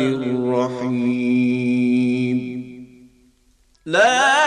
الرحيم لا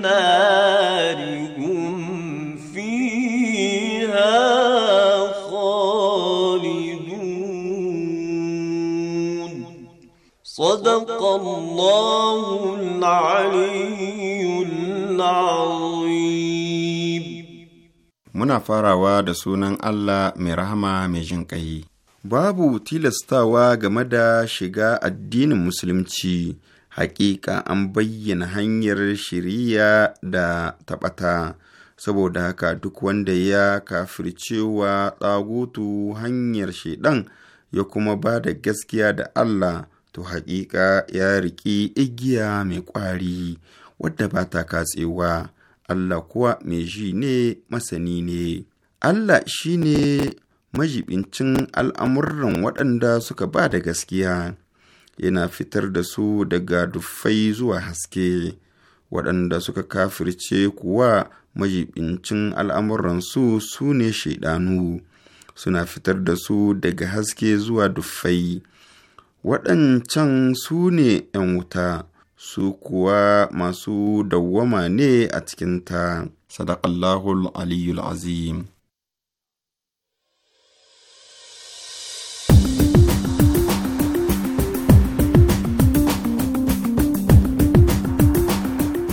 صدق muna farawa da sunan Allah mai rahama mai jin ƙai. Babu tilastawa game da shiga addinin Musulunci hakika an bayyana hanyar shiriya da taɓata saboda haka duk wanda ya cewa tsagutu hanyar shaidan ya kuma ba da gaskiya da Allah to hakika ya riƙi igiya mai ƙwari wadda ba ta katsewa Allah kuwa mai ji ne masani ne Allah shi ne majibincin al'amuran waɗanda suka ba da gaskiya yana fitar da su daga dufai zuwa haske waɗanda suka kafirce kuwa majibincin al'amuransu su ne shaidanu suna fitar da su daga haske zuwa dufai. waɗancan su ne ‘yan wuta su kuwa masu dawwama ne a cikinta sadaƙallahul aliyul azim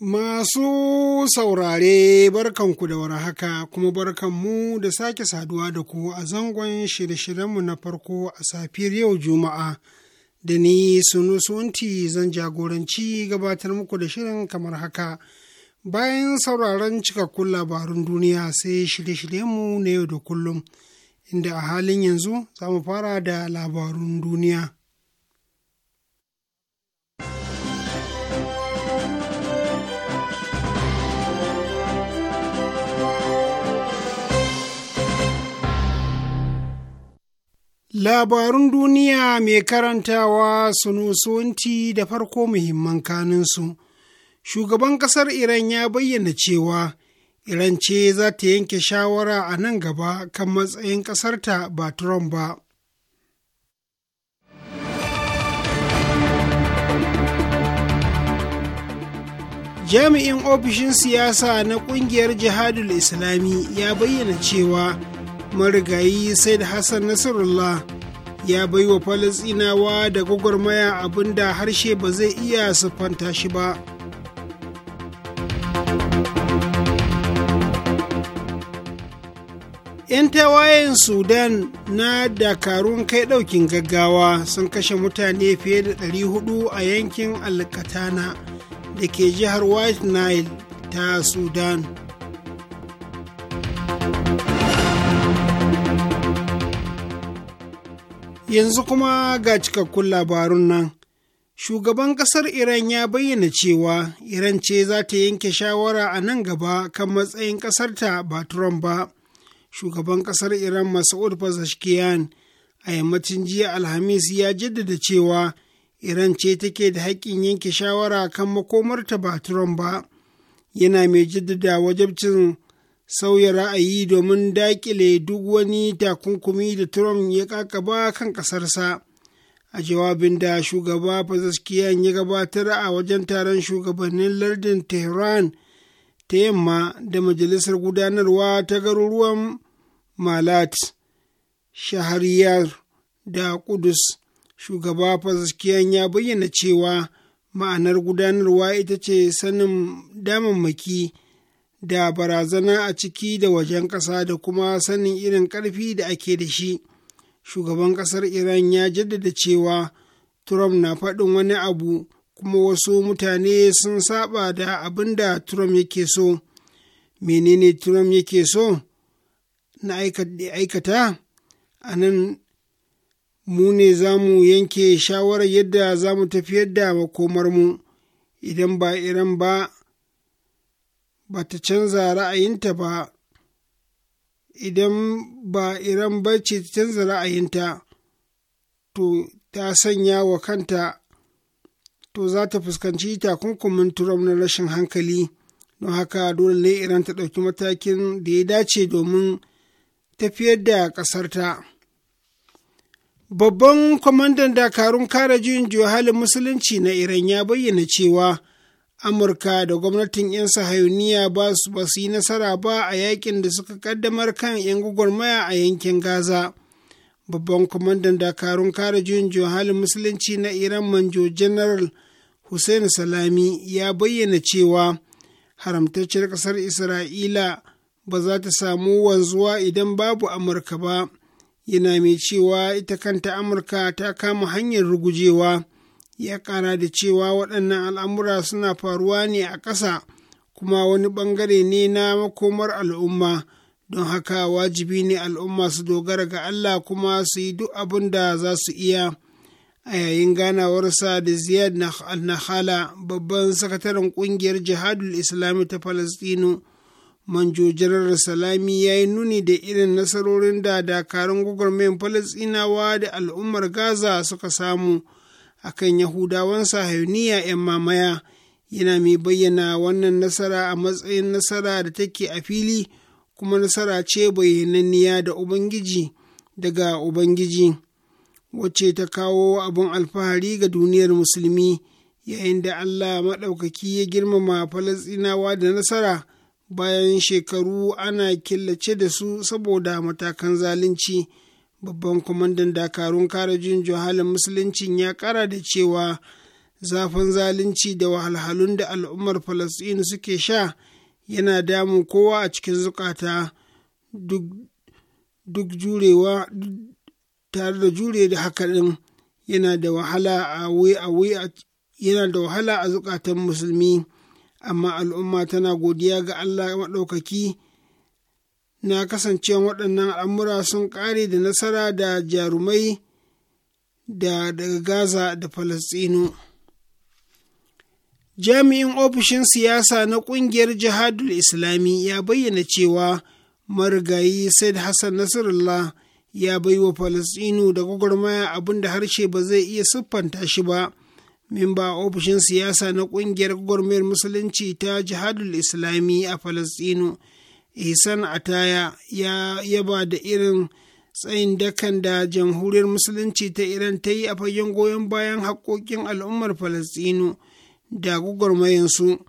Masu saurare barkanku da warhaka kuma barkanmu da sake saduwa da ku a zangon shirye-shiryenmu na farko a safiyar yau Juma'a. Da ni sunusunti zan jagoranci gabatar muku da shirin kamar haka. Bayan sauraron cikakkun labarun duniya sai shirye-shiryenmu na yau da kullum, inda a halin yanzu za mu fara da labarun duniya. Labarun duniya mai karantawa sunusunti da farko muhimman kaninsu. Shugaban ƙasar Iran ya bayyana cewa Iran ce za ta yanke shawara a nan gaba kan matsayin ƙasarta ba Trump ba. jami'in ofishin siyasa na ƙungiyar jihadul islami ya bayyana cewa marigayi said hassan nasarullah ya bai wa falasinawa da gwagwarmaya abin da harshe ba zai iya siffanta shi ba yan tawayen sudan na dakarun kai ɗaukin gaggawa sun kashe mutane fiye da 400 a yankin alkatana da ke jihar white nile ta sudan Yanzu kuma ga cikakkun labarun nan. Shugaban ƙasar Iran ya bayyana cewa Iran ce za ta yanke shawara a nan gaba kan matsayin ƙasarta ba Trump ba. Shugaban ƙasar Iran Masoud Pezeshkian a yammacin jiya Alhamis ya jaddada cewa Iran ce take da haƙƙin yanke shawara kan makomarta ba Trump ba. Yana mai jaddada wajabcin sauya ra'ayi domin dakile duk wani takunkumi da Trump ya kakaba kan ƙasarsa. A jawabin da shugaba Fazaskiyan ya gabatar a wajen taron shugabannin lardin Tehran ta yamma da majalisar gudanarwa ta garuruwan Malat, Shahariyar da Kudus, shugaba Fazaskiyan ya bayyana cewa ma'anar gudanarwa ita ce sanin damammaki. da barazana a ciki da wajen ƙasa da kuma sanin irin ƙarfi da ake da shi shugaban ƙasar iran ya jaddada cewa trump na faɗin wani abu kuma wasu mutane sun saba da abin da trump yake so menene trump yake so na aikata a nan mu ne za mu yanke shawarar yadda za mu tafiyar da makomarmu idan ba iran ba ba ta canza ra'ayinta ba idan ba iran ba ta canza ra'ayinta to ta sanya wa kanta to za ta fuskanci takunkumin turam na rashin hankali don haka dole ne iran ta ɗauki matakin da ya dace domin tafiyar da ƙasarta babban kwamandan dakarun kare juyin juya halin musulunci na iran ya bayyana cewa amurka da gwamnatin 'yan sahayuniya ba su yi nasara ba a yakin da suka kaddamar kan 'yan gwagwarmaya a yankin gaza babban kwamandan dakarun kare juyin halin musulunci na iran manjo general hussein salami ya bayyana cewa haramtacciyar ƙasar isra'ila ba za ta samu wanzuwa idan babu amurka ba yana mai cewa ita kanta amurka ta kama hanyar rugujewa. ya kara da cewa waɗannan al'amura suna faruwa ne a ƙasa kuma wani ɓangare ne na makomar al'umma don haka wajibi ne al'umma su dogara ga Allah kuma su yi duk abin da za su iya a yayin ganawar sa da ziyad hala, babban sakataren ƙungiyar jihadul islami ta falastinu manjo salami ya yi nuni da irin nasarorin da dakarun gwagwarmayin falastinawa da al'ummar gaza suka samu akan yahudawan sahayuniya 'yan mamaya yana mai bayyana wannan nasara a matsayin nasara da take a fili kuma nasara ce bayyananniya da ubangiji daga ubangiji wacce ta kawo abin alfahari ga duniyar musulmi yayin da allah maɗaukaki ya girmama falasɗinawa da nasara bayan shekaru ana killace da su saboda matakan zalunci. babban kwamandan dakarun karajin johalin halin musuluncin ya kara da cewa zafin zalunci da wahalhalun da al'ummar falasɗinu suke sha yana damun kowa a cikin zukata duk jurewa tare da jure da hakanin yana da wahala a yana da wahala a zukatan musulmi amma al'umma tana godiya ga allah maɗaukaki na kasance waɗannan al'amura sun ƙare da nasara da jarumai da daga gaza da falasɗinu jami'in ofishin siyasa na ƙungiyar jihadul islami ya bayyana cewa marigayi said hassan nasarallah ya bai wa Falasɗinu da gwagwarmaya abin da harshe ba zai iya siffanta shi ba mimba ofishin siyasa na ƙungiyar gwagwarmayar musulunci ta jihadul islami a falastinu isan ataya ya yaba da irin tsayin dakan da jamhuriyar musulunci ta iran ta yi a fagen goyon bayan haƙoƙin al'ummar falastinu da mayansu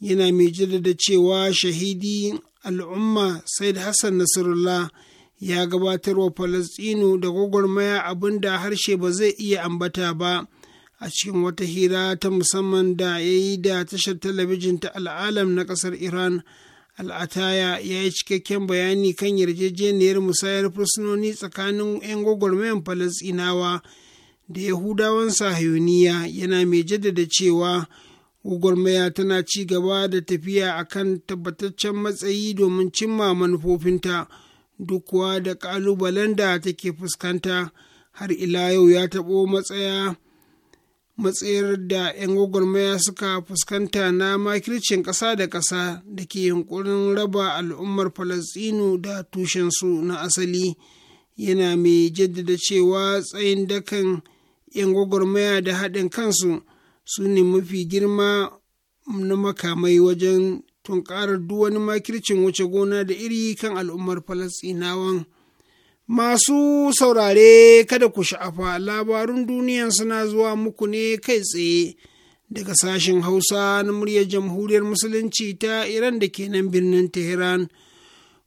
yana mai jaddada cewa shahidi al'umma said hassan nasarullah ya gabatar wa falastinu da gwagwarmaya abin da harshe ba zai iya ambata ba a cikin wata hira ta musamman da ya yi da tashar talabijin ta al'alam na ƙasar iran al'ataya ya yi cikakken bayani kan yarjejeniyar musayar fursunoni tsakanin 'yan gwagwarmayan falasinawa da yahudawan sahayuniya yana mai jaddada cewa gwagwarmaya tana ci gaba da tafiya a kan tabbataccen matsayi domin cimma manufofinta duk kuwa da ƙalubalen da take fuskanta har ila yau ya taɓo matsaya matsayar da 'yan gwagwarmaya suka fuskanta na makircin ƙasa da ƙasa da ke yunkurin raba al'ummar falastinu da tushensu na asali yana mai jaddada cewa tsayin dakan 'yan gwagwarmaya da haɗin kansu su ne mafi girma na makamai wajen tunkarar duk wani makircin wuce gona da iri kan al'ummar falastinawan Masu saurare kada ku sha'afa labarun duniya suna zuwa muku ne kai tsaye daga sashen Hausa na muryar Jamhuriyar Musulunci ta Iran da ke nan birnin Tehran.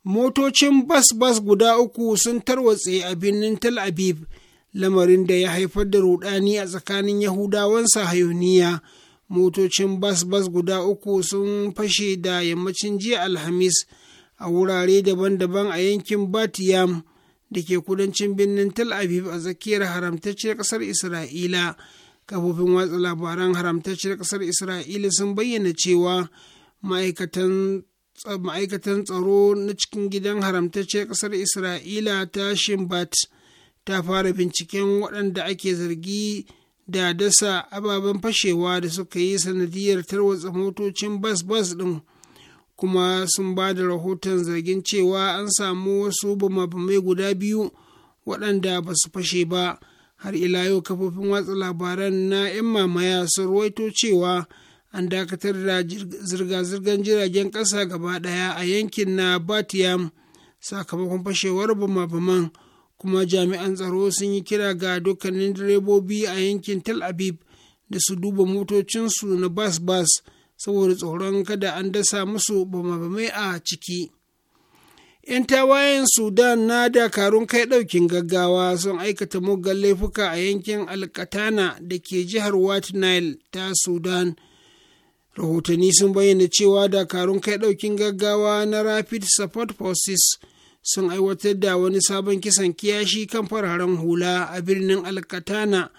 Motocin bas-bas guda uku sun tarwatse a birnin Tel Aviv, lamarin da ya haifar da rudani a tsakanin Yahudawan sahayoniya. Motocin bas-bas guda uku sun fashe da yammacin jiya Alhamis a wurare daban-daban a yankin Bat Yam. da ke kudancin birnin tel aviv a tsakiyar haramtacciyar Kasar isra'ila kafofin watsa labaran haramtacciyar kasar isra'ila sun bayyana cewa ma'aikatan tsaro na cikin gidan haramtacciyar kasar isra'ila ta shimbat ta fara binciken waɗanda ake zargi da dasa ababen fashewa da suka yi sanadiyar tarwatsa motocin bas bas ɗin kuma sun ba da rahoton zargin cewa an samu wasu bamabamai guda biyu waɗanda ba su fashe ba har ila yau kafofin watsa labaran na 'yan mamaya sun ruwaito cewa an dakatar da zirga-zirgar jiragen ƙasa gaba ɗaya a yankin na batiyam sakamakon fashewar bamabaman kuma jami'an tsaro sun yi kira ga dukkanin direbobi a yankin tel aviv da su duba motocinsu na bas-bas saboda tsoron kada an dasa musu bamabamai a ciki. 'Yan tawayen Sudan na dakarun kai ɗaukin gaggawa sun aikata muggan laifuka a yankin Alkatana da ke jihar Wat Nile ta Sudan. Rahotanni sun bayyana cewa dakarun kai ɗaukin gaggawa na Rapid Support Forces sun aiwatar da wani sabon kisan kiyashi kan fararen hula a birnin Alkatana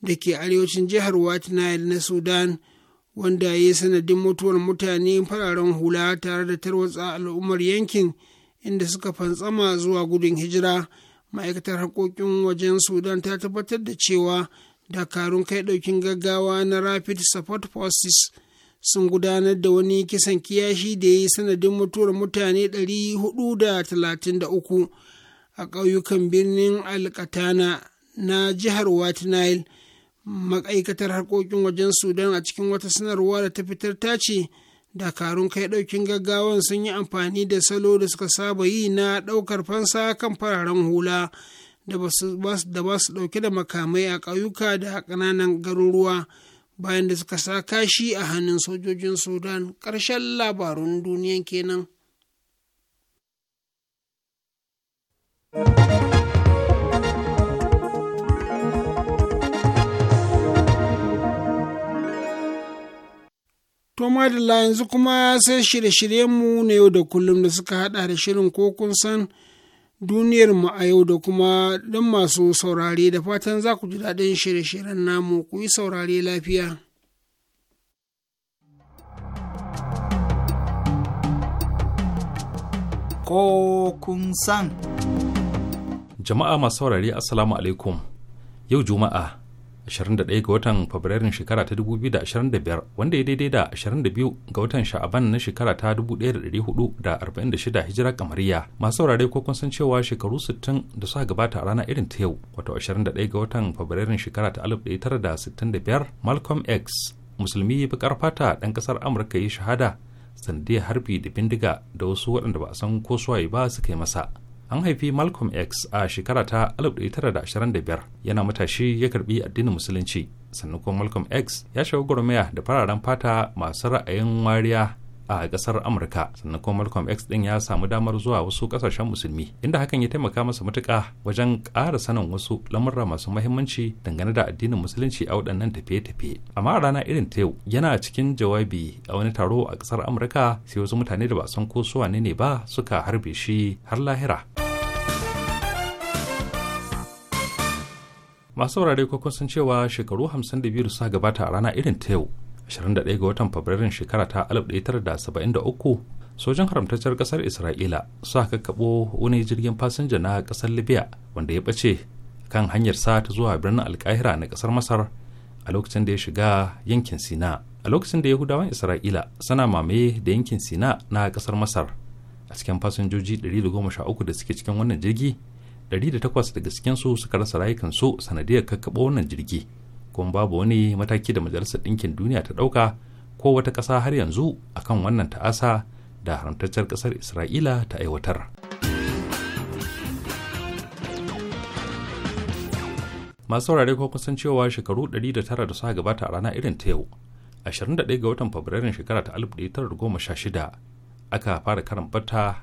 da ke arewacin jihar Wat Nile na Sudan. wanda ya yi sanadin mutuwar mutane fararen hula tare da tarwatsa al'ummar yankin inda suka fantsama zuwa gudun hijira ma'aikatar harkokin wajen sudan ta tabbatar da cewa dakarun kai ɗaukin gaggawa na rapid support forces sun gudanar da wani kisan kiyashi da ya yi sanadin mutuwar mutane 433 a ƙauyukan birnin alkatana na jihar Wat ma'aikatar harkokin wajen sudan a cikin wata sanarwa da ta fitar ta ce dakarun kai ɗaukin gaggawan sun yi amfani da salo da suka saba yi na ɗaukar fansa kan fararen hula da ba su ɗauke da makamai a ƙauyuka da ƙananan garuruwa bayan da suka sa kashi a hannun sojojin sudan ƙarshen labarun duniyan kenan. To madalla yanzu kuma sai shirye-shiryenmu na yau da kullum da suka haɗa da shirin ko kun san mu a yau da kuma ɗan masu saurare da fatan za ku ji daɗin shirye-shiryen namu ku yi saurare lafiya. Ko kun san. Jama'a masu saurare Assalamu alaikum. Yau Juma'a 21 ga watan fabrairun shekara ta 2025 wanda ya daidai da 22 ga watan sha'aban na shekara ta 1446 hijira kamariya masu saurare ko kun san cewa shekaru 60 da suka gabata a rana irin ta yau wato 21 ga watan fabrairun shekara ta 1965 malcolm x musulmi bakar fata ɗan ƙasar amurka ya shahada sanadiyar harbi da bindiga da wasu waɗanda ba a san ko suwaye ba suka yi masa an haifi malcolm x a shekara ta 1925 yana matashi ya karbi addinin musulunci sannan kuma malcolm x ya shiga gwarmaya da fararen fata masu ra'ayin wariya a kasar amurka sannan kuma malcolm x din ya samu damar zuwa wasu kasashen musulmi inda hakan ya taimaka masa matuka wajen ƙara sanin wasu lamurra masu mahimmanci dangane da addinin musulunci a waɗannan tafiye-tafiye amma a rana irin ta yau yana cikin jawabi a wani taro a kasar amurka sai wasu mutane da ba san ko su ne ba suka harbe shi har lahira. masu saurare ko kun cewa shekaru 52 da suka gabata a rana irin ta yau 21 ga watan fabrairun shekara ta 1973 sojin haramtaccen kasar isra'ila suka kakkaɓo wani jirgin fasinja na kasar libya wanda ya bace kan hanyar sa ta zuwa birnin alkahira na kasar masar a lokacin da ya shiga yankin sina a lokacin da yahudawan isra'ila suna mamaye da yankin sina na kasar masar a cikin fasinjoji 113 da suke cikin wannan jirgi da 108 daga cikinsu suka rasa rayukansu sanadiyar kakkabo wannan jirgi kuma babu wani mataki da majalisar ɗinkin duniya ta ɗauka ko wata ƙasa har yanzu akan wannan ta'asa da haramtaccen ƙasar isra'ila ta aiwatar masu saurare ko kusan cewa shekaru 109 da suka gabata a rana irin ta yau 21 ga watan fabrairun shekara ta 1916 aka fara karan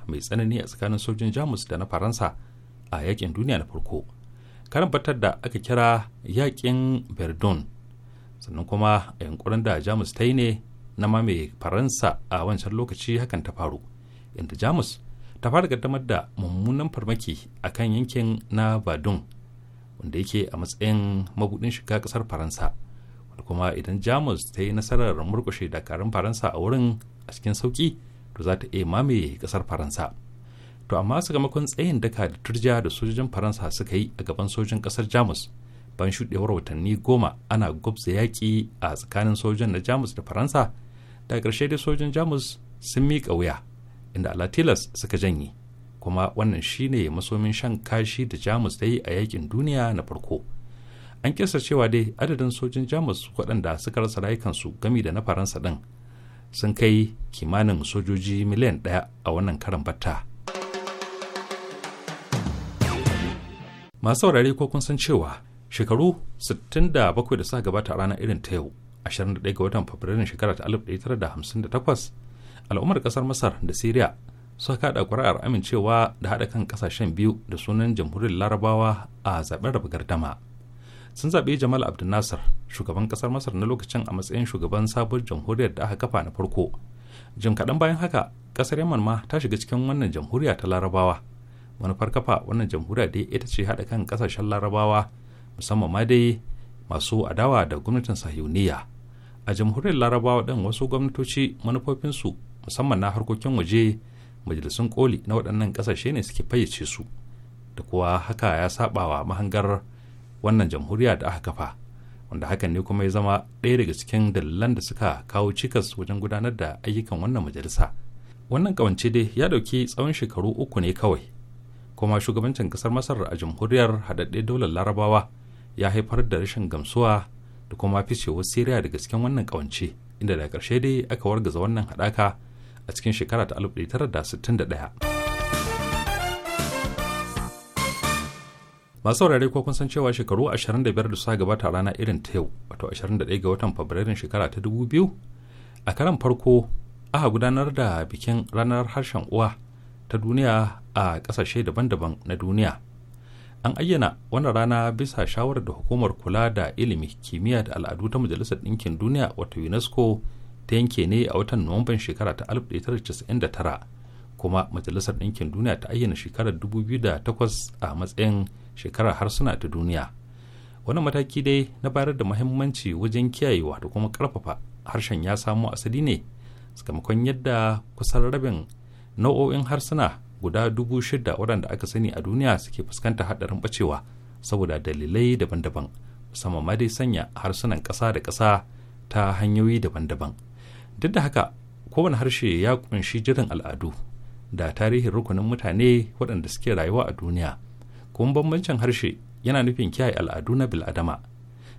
mai tsanani a tsakanin sojin jamus da na faransa a yakin duniya na farko karin fatar da aka kira yakin verdun sannan kuma a yankurin da jamus ta yi ne na mamaye faransa a wancan lokaci hakan ta faru inda jamus ta fara kaddamar da mummunan farmaki a kan yankin na badun wanda yake a matsayin mabudin shiga kasar faransa wanda kuma idan jamus ta yi nasarar murkushe dakarun faransa a wurin a cikin sauki to za ta iya mamaye kasar faransa to amma sakamakon tsayin daka da turja da sojojin faransa suka yi a gaban sojin kasar jamus ban shuɗewar watanni goma ana gwabza yaƙi a tsakanin sojojin na jamus da faransa da ƙarshe dai sojin jamus sun miƙa wuya inda alatilas suka janye kuma wannan shine masomin shan kashi da jamus ta yi a yaƙin duniya na farko an kisa cewa dai adadin sojin jamus waɗanda suka rasa rayukansu gami da na faransa ɗin sun kai kimanin sojoji miliyan ɗaya a wannan karan batta masu saurari ko kun san cewa shekaru 67 da suka gabata a ranar irin ta yau 21 ga watan fabrairun shekara ta 1958 al'ummar kasar masar da syria suka kada kuri'ar amincewa da haɗa kan kasashen biyu da sunan jamhuriyar larabawa a zaben raba gardama sun zaɓi jamal abdul nasir shugaban kasar masar na lokacin a matsayin shugaban sabuwar jamhuriyar da aka kafa na farko jim kaɗan bayan haka ƙasar yaman ma ta shiga cikin wannan jamhuriya ta larabawa manufar kafa wannan jamhuriya dai ita ce haɗa kan ƙasashen larabawa musamman ma dai masu adawa da gwamnatin sahiyuniya a jamhuriyar larabawa ɗin wasu gwamnatoci manufofinsu musamman na harkokin waje majalisun koli na waɗannan ƙasashe ne suke fayyace su da kuwa haka ya wa mahangar wannan jamhuriya da aka kafa wanda hakan ne kuma ya zama ɗaya daga cikin dalilan da suka kawo cikas wajen gudanar da ayyukan wannan majalisa wannan kawance dai ya ɗauki tsawon shekaru uku ne kawai kuma shugabancin kasar masar a jamhuriyar haɗaɗɗe daular larabawa ya haifar da rashin gamsuwa da kuma ficewar siriya da cikin wannan kawance inda da karshe dai aka wargaza wannan haɗaka a cikin shekara ta 1961 masu saurare ko kun san cewa shekaru 25 da suka gabata rana irin ta yau wato 21 ga watan fabrairun shekara ta 2000 a karan farko aka gudanar da bikin ranar harshen uwa ta duniya a ƙasashe daban-daban na duniya an ayyana wannan rana bisa shawarar da hukumar kula da ilimi kimiyya da al'adu ta majalisar ɗinkin duniya wato unesco ta yanke ne a watan nuwamban shekara ta 1999 kuma majalisar ɗinkin duniya ta ayyana shekarar 2008 a matsayin shekarar harsuna ta duniya wani mataki dai na bayar da muhimmanci wajen kiyayewa da kuma karfafa harshen ya samo asali ne sakamakon yadda kusan rabin nau'o'in harsuna guda dubu shida waɗanda aka sani a duniya suke fuskantar haɗarin ɓacewa saboda dalilai daban-daban musamman ma dai sanya harsunan ƙasa da ƙasa ta hanyoyi daban-daban duk da haka kowane harshe ya kunshi jirin al'adu da tarihin rukunin mutane waɗanda suke rayuwa a duniya kuma bambancin harshe yana nufin kiyaye al'adu na bil'adama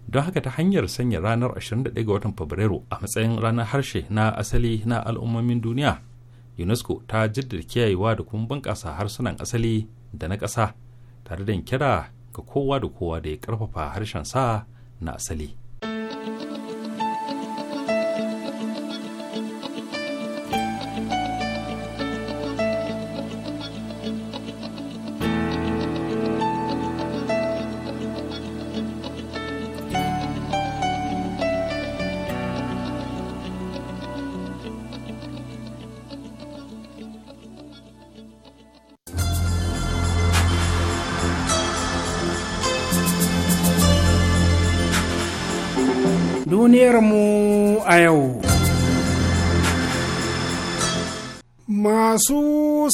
don haka ta hanyar sanya ranar 21 ga watan fabrairu a matsayin ranar harshe na asali na al'ummomin duniya unesco ta jaddada kiyayewa da kuma bunƙasa harsunan asali da na ƙasa tare da kira ga kowa da kowa da ya ƙarfafa harshen sa na asali Mas Masu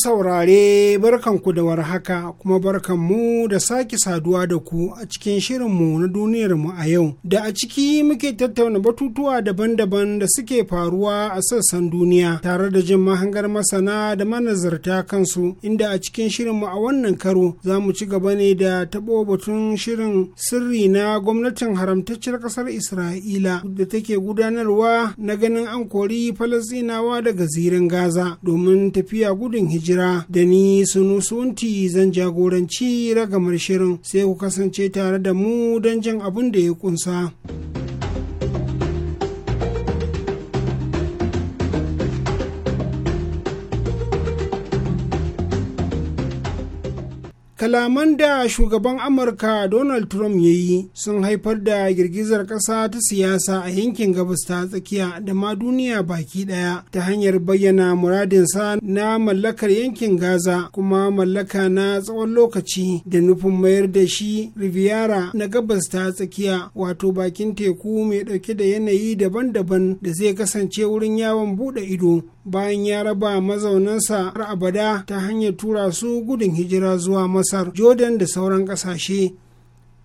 saurare barkanku da warhaka kuma barkanmu da sake saduwa da ku a cikin shirinmu na duniyarmu a yau da a ciki muke tattauna batutuwa daban-daban da suke faruwa a sassan duniya tare da jin mahangar masana da manazarta kansu inda a cikin shirinmu a wannan karo za mu ci gaba ne da taɓo batun shirin sirri na gwamnatin haramtaccen ƙasar isra'ila da take gudanarwa na ganin an kori falasɗinawa daga zirin gaza domin tafiya gudun hijira hijira da ni sunu sunti zan jagoranci ragamar shirin sai ku kasance tare da mu don jan abin da ya kunsa. kalaman da shugaban amurka donald trump ya yi sun haifar da girgizar kasa ta siyasa a yankin gabas ta tsakiya da ma duniya baki daya ta hanyar bayyana muradinsa na mallakar yankin gaza kuma mallaka na tsawon lokaci da nufin mayar da shi riviera na gabas ta tsakiya wato bakin teku mai dauke da yanayi daban-daban da zai kasance wurin yawon bude ido bayan ya raba mazaunansa har abada ta hanyar tura su gudun hijira zuwa masar jordan da sauran ƙasashe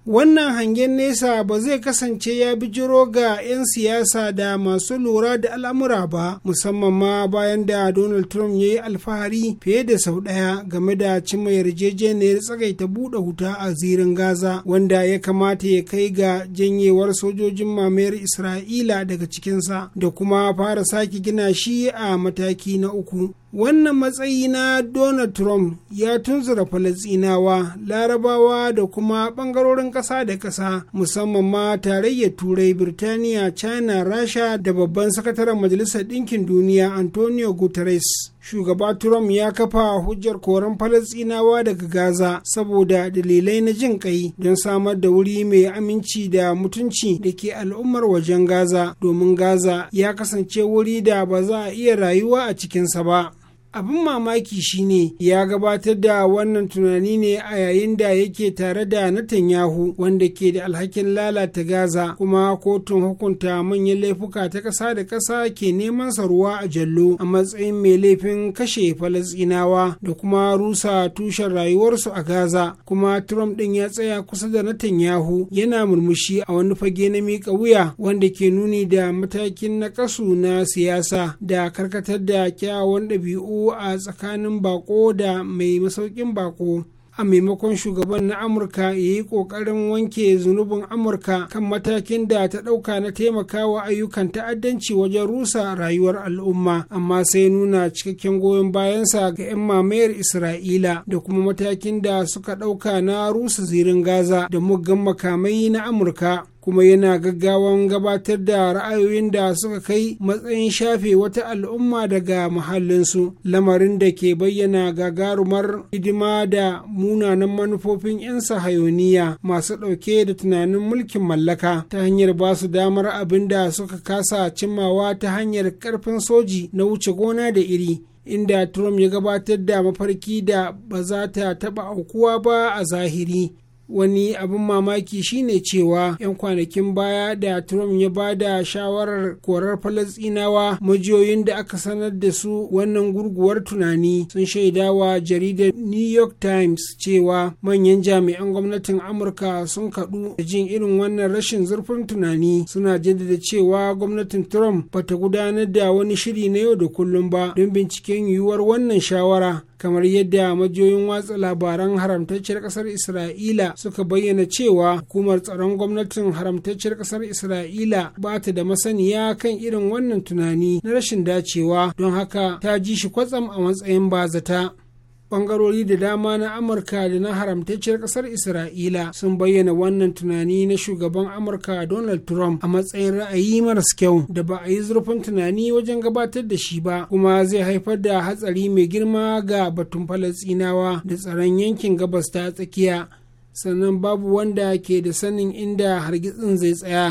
wannan hangen nesa ba zai kasance ya bijiro ga 'yan siyasa da masu lura da al'amura ba musamman ma bayan da donald trump ya yi alfahari fiye da sau ɗaya game da cimma yarjejeniyar tsagaita buɗe wuta a zirin gaza wanda ya kamata ya kai ga janyewar sojojin mamayar isra'ila daga cikinsa da kuma fara sake gina shi a mataki na uku wannan matsayi na donald trump ya tunzura falasinawa larabawa da kuma bangarorin ƙasa da ƙasa musamman ma tarayyar turai birtaniya china rasha da babban sakataren majalisar ɗinkin duniya antonio guterres shugaba trump ya kafa hujjar koren falasinawa daga gaza saboda dalilai na jin kai don samar da wuri mai aminci da mutunci da ke al'ummar wajen gaza domin gaza ya kasance wuri da ba za a iya rayuwa a cikinsa ba abin mamaki shine ya gabatar da wannan tunani ne a yayin da yake tare da Netanyahu wanda ke da alhakin lalata Gaza kuma kotun hukunta manyan laifuka ta ƙasa da ƙasa ke neman sa a jallo a matsayin mai laifin kashe Falasɗinawa da kuma rusa tushen rayuwarsu a Gaza kuma Trump ɗin ya tsaya kusa da Netanyahu yana murmushi a wani fage na miƙa wuya wanda ke nuni da matakin na na siyasa da karkatar da kyawawan ɗabi'u a tsakanin bako da mai masaukin bako a maimakon shugaban na amurka ya yi kokarin wanke zunubin amurka kan matakin da ta ɗauka na taimakawa ayyukan ta'addanci wajen rusa rayuwar al'umma amma sai nuna cikakken goyon bayansa ga 'yan mamayar isra'ila da kuma matakin da suka ɗauka na rusa zirin gaza da muggan makamai na amurka kuma yana gaggawan gabatar da ra'ayoyin da suka kai matsayin shafe wata al'umma daga muhallinsu, lamarin da ke bayyana gagarumar hidima da munanan manufofin 'yan sahayoniya masu ɗauke da tunanin mulkin mallaka ta hanyar ba su damar abin da suka kasa cimmawa ta hanyar karfin soji na wuce gona da iri inda Trump ya gabatar da mafarki da ba za ta taɓa aukuwa ba a zahiri wani abin mamaki shine cewa 'yan kwanakin baya da trump ya ba da shawarar korar falasinawa majiyoyin da aka sanar da su wannan gurguwar tunani sun shaidawa jaridar new york times cewa manyan jami'an gwamnatin amurka sun kaɗu da jin irin wannan rashin zurfin tunani suna jaddada cewa gwamnatin trump bata gudanar da wani shiri na yau da kullum ba don binciken yiwuwar wannan shawara kamar yadda majiyoyin watsa labaran haramtacciyar kasar isra'ila suka bayyana cewa hukumar tsaron gwamnatin haramtacciyar kasar isra'ila ba ta da masaniya kan irin wannan tunani na rashin dacewa don haka ta ji shi kwatsam a matsayin bazata bangarori da dama na amurka da na haramtacciyar kasar isra'ila sun bayyana wannan tunani na shugaban amurka donald trump a matsayin ra'ayi maras kyau da ba a yi zurfin tunani wajen gabatar da shi ba kuma zai haifar da hatsari mai girma ga batun falasinawa da tsaron yankin gabas ta tsakiya sannan babu wanda ke da sanin inda hargitsin zai tsaya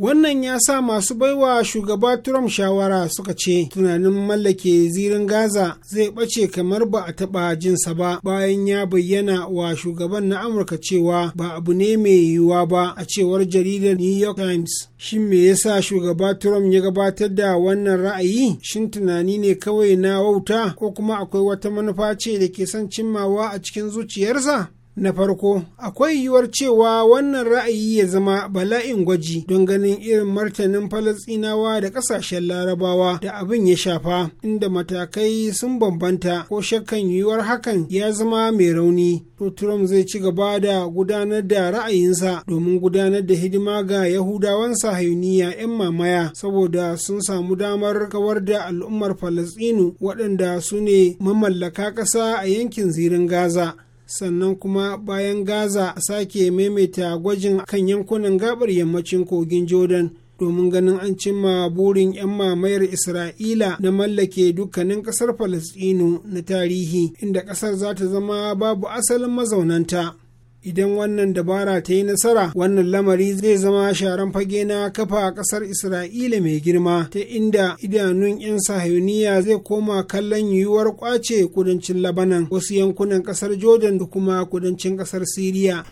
wannan ya sa masu baiwa shugaba Trump shawara suka ce tunanin mallake zirin Gaza zai ɓace kamar ba a taɓa jinsa ba bayan ya bayyana wa shugaban na Amurka cewa ba abu ne mai yiwuwa ba a cewar jaridar New York Times. Shin me yasa shugaba Trump ya gabatar da wannan ra'ayi? Shin tunani ne kawai na wauta ko kuma akwai wata manufa ce da ke son cimmawa a cikin zuciyarsa? Na farko, akwai yiwuwar cewa wannan ra'ayi ya zama bala'in gwaji don ganin irin martanin Falasɗinawa da ƙasashen Larabawa da abin ya shafa, inda matakai sun bambanta ko shakkan yiwuwar hakan ya zama mai rauni. To Trump zai ci gaba da gudanar da ra'ayinsa domin gudanar da hidima ga Yahudawan sahayuniya 'yan mamaya saboda sun samu damar kawar da al'ummar Falasɗinu waɗanda su ne mamallaka ƙasa a yankin zirin Gaza. sannan kuma bayan gaza a sake maimaita gwajin kan yankunan gabar yammacin kogin jordan domin ganin an cimma burin 'yan mamayar isra'ila na mallake dukkanin kasar falastinu na tarihi inda kasar za ta zama babu asalin mazaunanta idan wannan dabara ta yi nasara wannan lamari zai zama sharan fage na kafa a ƙasar isra'ila mai girma ta inda idanun 'yan sahiyoniya zai koma kallon yiwuwar kwace kudancin labanan wasu yankunan ƙasar jordan da kuma kudancin ƙasar siriya.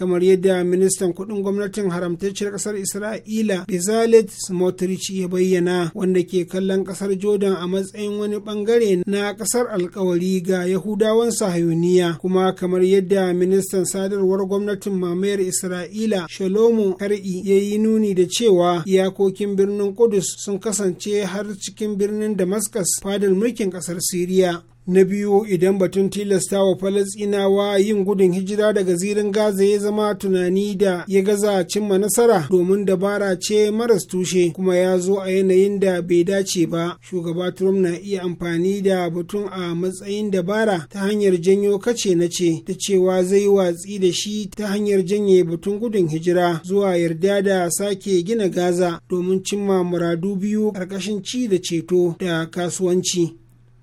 kamar yadda ministan kudin gwamnatin haramtacciyar kasar isra'ila bezalet smotrich ya bayyana wanda ke kallon kasar jordan a matsayin wani bangare na kasar alkawari ga yahudawan sahayuniya kuma kamar yadda ministan sadarwar gwamnatin mamayar isra'ila shalomo kar'i ya yi nuni da cewa iyakokin birnin kudus sun kasance har cikin birnin damascus fadar mulkin kasar siriya na biyu idan batun tilasta wa falasinawa yin gudun hijira daga zirin gaza ya zama tunani da ya gaza cimma nasara domin dabara ce maras tushe kuma ya zo a yanayin da bai dace ba shugaba trump na iya amfani da batun a matsayin dabara ta hanyar janyo kace na ce ta cewa zai watsi da shi ta hanyar janye batun gudun hijira zuwa yarda da sake gina gaza domin cimma muradu biyu ƙarƙashin ci da ceto da kasuwanci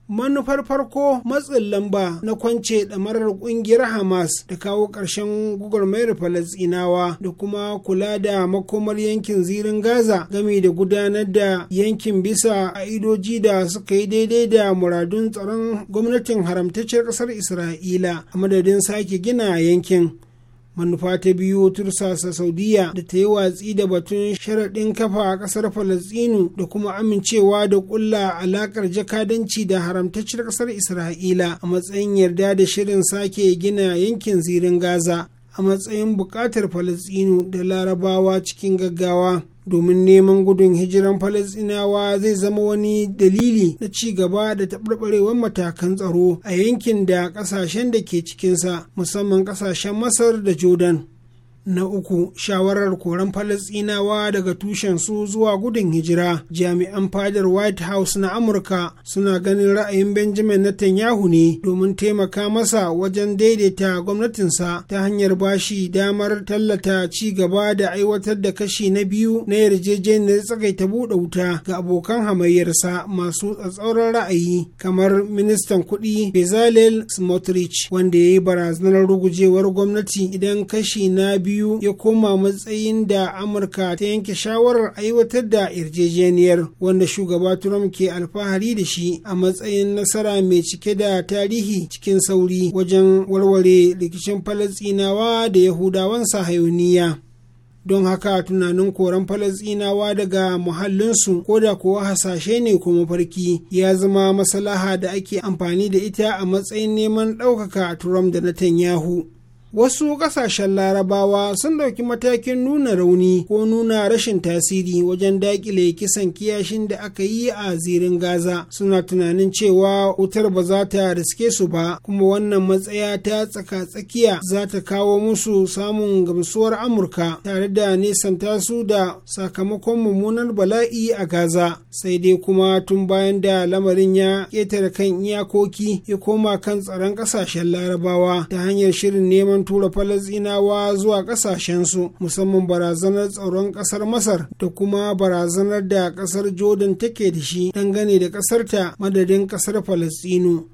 manufar farko matsin lamba na kwance ɗamarar ƙungiyar hamas da kawo ƙarshen mayar falasɗinawa da kuma kula da makomar yankin zirin gaza gami da gudanar da yankin bisa a idoji da suka yi daidai da muradun tsaron gwamnatin haramtacciyar ƙasar isra'ila a madadin sake gina yankin manufa ta biyu tursasa saudiya da ta yi watsi da batun sharaɗin kafa a ƙasar falastinu da kuma amincewa da ƙulla alaƙar jakadanci da haramtacciyar ƙasar isra'ila a matsayin yarda da shirin sake gina yankin zirin gaza a matsayin buƙatar falastinu da larabawa cikin gaggawa domin neman gudun hijiran falasinawa zai zama wani dalili na ci gaba da taɓarɓarewar matakan tsaro a yankin da ƙasashen da ke cikinsa musamman ƙasashen masar da jordan Na uku, shawarar koran Falasɗinawa daga tushensu zuwa gudun hijira. Jami'an fadar White House na Amurka suna ganin ra'ayin Benjamin Netanyahu ne domin taimaka masa wajen daidaita gwamnatinsa ta hanyar bashi damar tallata ci gaba da aiwatar da kashi na biyu na yarjejeniyar tsagaita buɗe wuta ga abokan hamayyarsa masu tsatsauran ra'ayi kamar ministan kuɗi Bezalel Smotrich wanda ya yi barazanar rugujewar gwamnati idan kashi na biyu biyu ya koma matsayin da amurka ta yanke shawarar aiwatar da yarjejeniyar wanda shugaba trump ke alfahari da shi a matsayin nasara mai cike da tarihi cikin sauri wajen warware rikicin falasinawa da yahudawan sahayoniya don haka tunanin koran falasinawa daga muhallinsu ko da kuwa hasashe ne kuma farki ya zama masalaha da ake amfani da ita a matsayin neman ɗaukaka turam da na tanyahu wasu ƙasashen larabawa sun ɗauki matakin nuna rauni ko nuna rashin tasiri wajen daƙile kisan kiyashin da aka yi a zirin gaza suna tunanin cewa wutar ba za ta riske su ba kuma wannan matsaya ta tsaka-tsakiya za ta kawo musu samun gamsuwar amurka tare da nesanta su da sakamakon mummunar bala'i a gaza sai dai kuma tun bayan da lamarin ya ƙetare kan iyakoki ya koma kan tsaron ƙasashen larabawa ta hanyar shirin neman tura falasinawa zuwa su musamman barazanar tsaron kasar masar da kuma barazanar da kasar jordan take da shi dangane da ƙasarta madadin kasar falasinu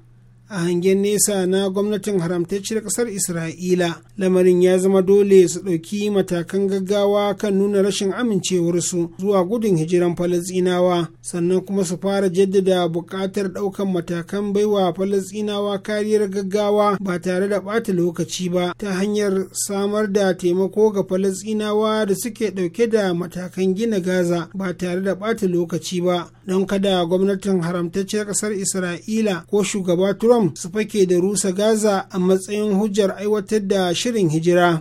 a hangen nesa na gwamnatin haramtacciyar ƙasar isra'ila lamarin ya zama dole su ɗauki matakan gaggawa kan nuna rashin amincewarsu zuwa gudun hijiran falasɗinawa sannan kuma su fara jaddada buƙatar ɗaukan matakan baiwa falasɗinawa kariyar gaggawa ba tare da ɓata lokaci ba ta hanyar samar da taimako ga falasɗinawa da suke ɗauke da matakan gina gaza ba tare da ɓata lokaci ba don kada gwamnatin haramtacciyar ƙasar isra'ila ko shugaba trump su fake da rusa gaza a matsayin hujjar aiwatar da shirin hijira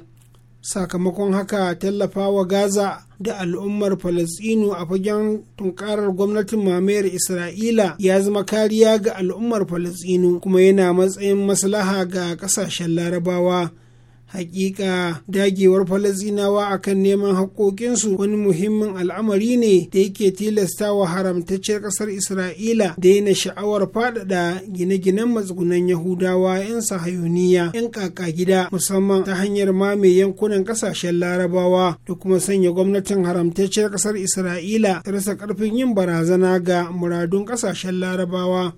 sakamakon haka tallafawa gaza da al'ummar falasinu a fagen tunkarar gwamnatin mamayar isra'ila ya zama kariya ga al'ummar falasinu kuma yana matsayin maslaha ga kasashen larabawa hakika dagewar falasinawa akan neman haƙoƙinsu wani muhimmin al'amari ne da yake tilasta wa haramtacciyar ƙasar isra'ila daina sha'awar faɗaɗa gine-ginen matsugunan yahudawa 'yan sahayuniya 'yan kaka gida musamman ta hanyar mame yankunan ƙasashen larabawa da kuma sanya gwamnatin haramtacciyar ƙasar isra'ila ta rasa ƙarfin yin barazana ga muradun ƙasashen larabawa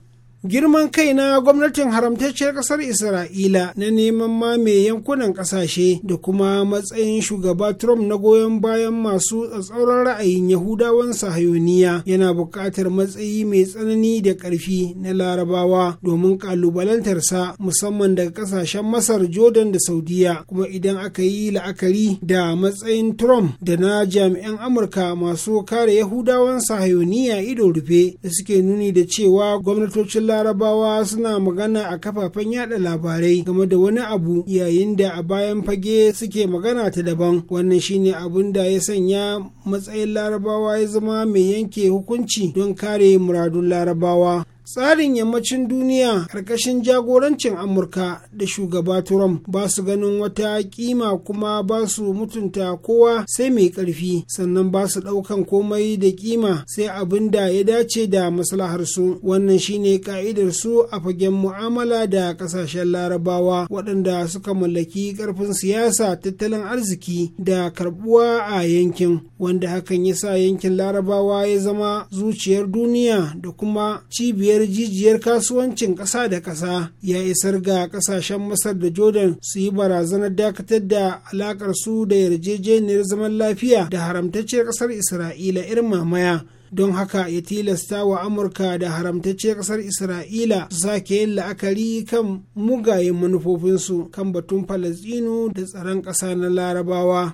girman kai na gwamnatin haramtacciyar ƙasar isra'ila na neman mame yankunan ƙasashe da kuma matsayin shugaba trump na goyon bayan masu tsatsauran ra'ayin yahudawan sahayoniya yana buƙatar matsayi mai tsanani da ƙarfi na larabawa domin ƙalubalantarsa musamman daga ƙasashen masar jordan da saudiya kuma idan aka yi la'akari da matsayin trump da na jami'an amurka masu kare yahudawan sahayoniya ido rufe da suke nuni da cewa gwamnatocin larabawa suna magana a kafafen yada labarai game da wani abu yayin da a bayan fage suke magana ta daban wannan shine abun da ya sanya matsayin larabawa ya zama mai yanke hukunci don kare muradun larabawa tsarin yammacin duniya ƙarƙashin jagorancin amurka da shugaba trump ba su ganin wata kima kuma ba su mutunta kowa sai mai ƙarfi sannan ba su ɗaukan komai da kima sai abin da ya dace da maslaharsu wannan shine ka'idar su a fagen mu'amala da ƙasashen larabawa waɗanda suka mallaki ƙarfin siyasa tattalin arziki da karɓuwa a yankin wanda hakan ya sa yankin larabawa ya zama zuciyar duniya da kuma cibiyar yarjejiyar kasuwancin ƙasa da ƙasa ya isar ga ƙasashen masar da jordan su yi barazanar dakatar da alakar su da yarjejeniyar zaman lafiya da haramtacciyar ƙasar isra'ila irin mamaya don haka ya tilasta wa amurka da haramtacce kasar isra'ila su sake yin la'akari kan mugayen manufofinsu kan batun falasɗinu da tsaron ƙasa na larabawa.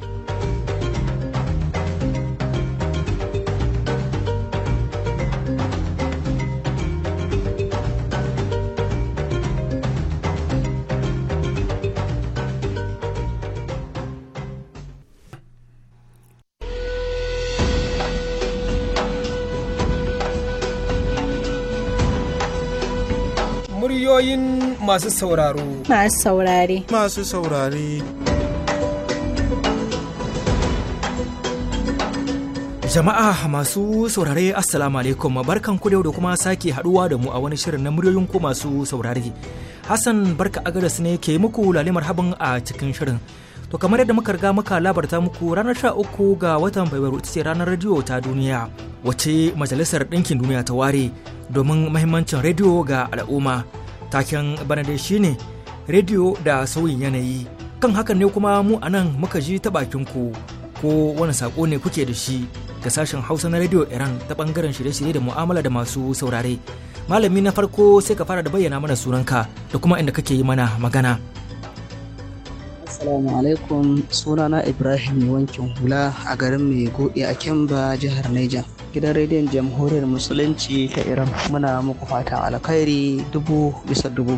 muryoyin masu sauraro. Masu saurare. Masu saurare. Jama'a masu saurare Assalamu alaikum barkan ku da kuma sake haduwa da mu a wani shirin na muryoyin ku masu saurare. Hassan barka agadas ne ke muku lalimar habin a cikin shirin. To kamar yadda muka riga muka labarta muku ranar sha uku ga watan Fabrairu ita ce ranar rediyo ta duniya wace Majalisar Ɗinkin Duniya ta ware domin mahimmancin rediyo ga al'umma. taken bana shi ne rediyo da sauyin yanayi kan haka ne kuma mu anan muka ji ta bakin ku ko wani sako ne kuke da shi ga sashen hausa na rediyo iran ta ɓangaren shirye-shirye da mu'amala da masu saurare malami na farko sai ka fara da bayyana mana sunanka da kuma inda kake yi mana magana Assalamu alaikum sunana Ibrahim wankin hula a garin Maigode a Kemba jihar Niger. gidan rediyon jamhuriyar musulunci ta iran muna muku fata alkhairi dubu bisa dubu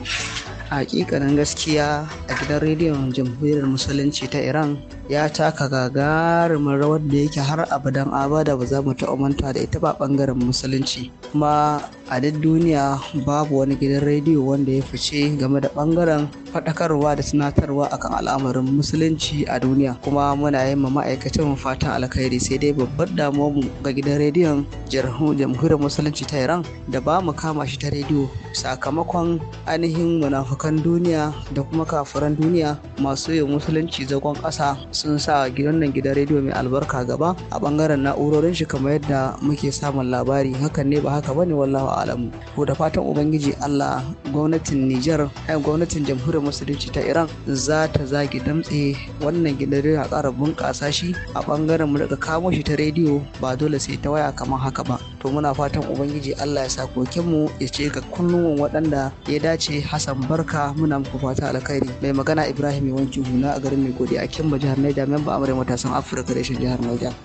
hakikanin gaskiya a gidan rediyon jamhuriyar musulunci ta iran ya taka gagarumin rawar da yake har abadan abada ba za mu taɓa manta da ita ba bangaren musulunci kuma a duk duniya babu wani gidan rediyo wanda ya fice game da bangaren faɗakarwa da tunatarwa akan al'amarin musulunci a duniya kuma muna yin ma ma'aikacin fatan alkhairi sai dai babbar damuwar ga gidan rediyon jamhuriyar musulunci ta iran da ba mu kama shi ta rediyo sakamakon ainihin munafukan duniya da kuma kafiran duniya masu yin musulunci zagon ƙasa sun sa gidan nan gidan rediyo mai albarka gaba a bangaren na'urorin shi kamar yadda muke samun labari hakan ne ba haka ba ne wallahu alamu ko da fatan ubangiji Allah gwamnatin Nijar ai eh, gwamnatin jamhuriyar musulunci ta Iran za ta zagi damtse wannan gidan rediyo a ƙara bunƙasa shi a bangaren mu daga kamo shi ta rediyo ba dole sai ta waya kamar haka ba to muna fatan ubangiji Allah ya sa kokinmu ya ce ga kunnuwan waɗanda ya dace Hassan Barka muna muku fata alkhairi mai magana Ibrahim Yawanci Huna a garin mai godiya. a Kimba jihar Niger memba amurai matasan Afirka reshen jihar Niger.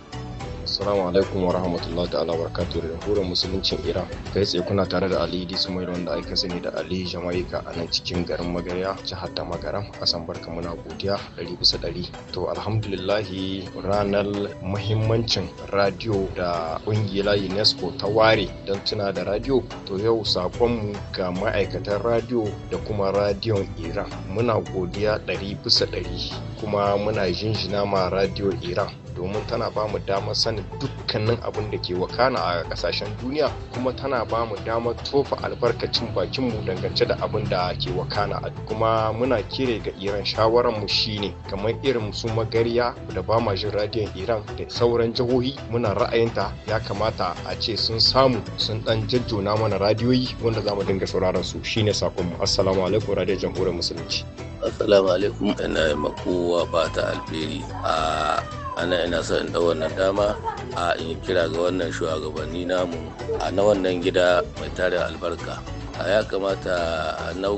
Assalamu alaikum wa rahmatullah ta'ala wa barakatuhu da jamhuriyar musuluncin Iran. Kai tsaye kuna tare da Ali Dismail wanda aka sani da Ali Jamaika a nan cikin garin Magariya, jihar da Magaram. Asan barka muna godiya ɗari bisa ɗari. To alhamdulillahi ranar muhimmancin radio da ƙungiyar UNESCO ta ware don tuna da radio. To yau sakon ga ma'aikatan radio da kuma radiyon Iran. Muna godiya ɗari bisa ɗari kuma muna jinjina ma radio Iran. domin tana ba mu damar sanin dukkanin abin da ke wakana a kasashen duniya kuma tana ba mu damar tofa albarkacin bakinmu dangance da abin da ke wakana a kuma muna kire ga iran shawarar mu shine kamar irin su magariya da ba ma jin radiyon iran da sauran jihohi muna ra'ayinta ya kamata a ce sun samu sun dan jajjona mana radiyoyi wanda za mu dinga sauraron su shine sakon assalamu alaikum radiyon jamhuriyar musulunci assalamu alaikum ina makowa ta alfiri a ah, ana ina so in ɗau wannan dama a in kira ga wannan shugabanni namu a na wannan gida mai tarin albarka a ya kamata na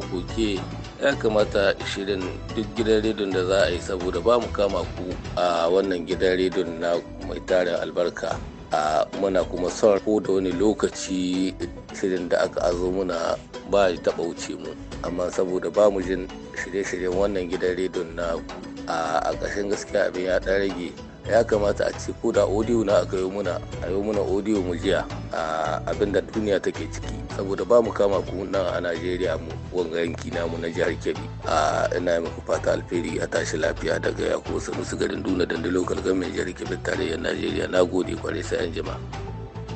ya kamata shirin duk gidan rediyon da za a yi saboda ba mu kama ku a wannan gidan rediyon na mai tarin albarka a muna kuma son ko da wani lokaci shirin da aka azo muna ba ya taɓa wuce mu amma saboda ba mu jin shirye-shiryen wannan gidan rediyon na a ƙarshen gaskiya abin ya ɗan rage ya kamata a ce ko da audio na aka yi muna a yi muna audio mu jiya a abin da duniya take ciki saboda ba mu kama ku nan a najeriya mu wanga yanki namu na jihar kebbi a ina yi muku fata alferi a tashi lafiya daga ya ko sanusu garin duna dandalo kalgar mai jihar kebbi tarayyar najeriya na gode kwarai sai an jima.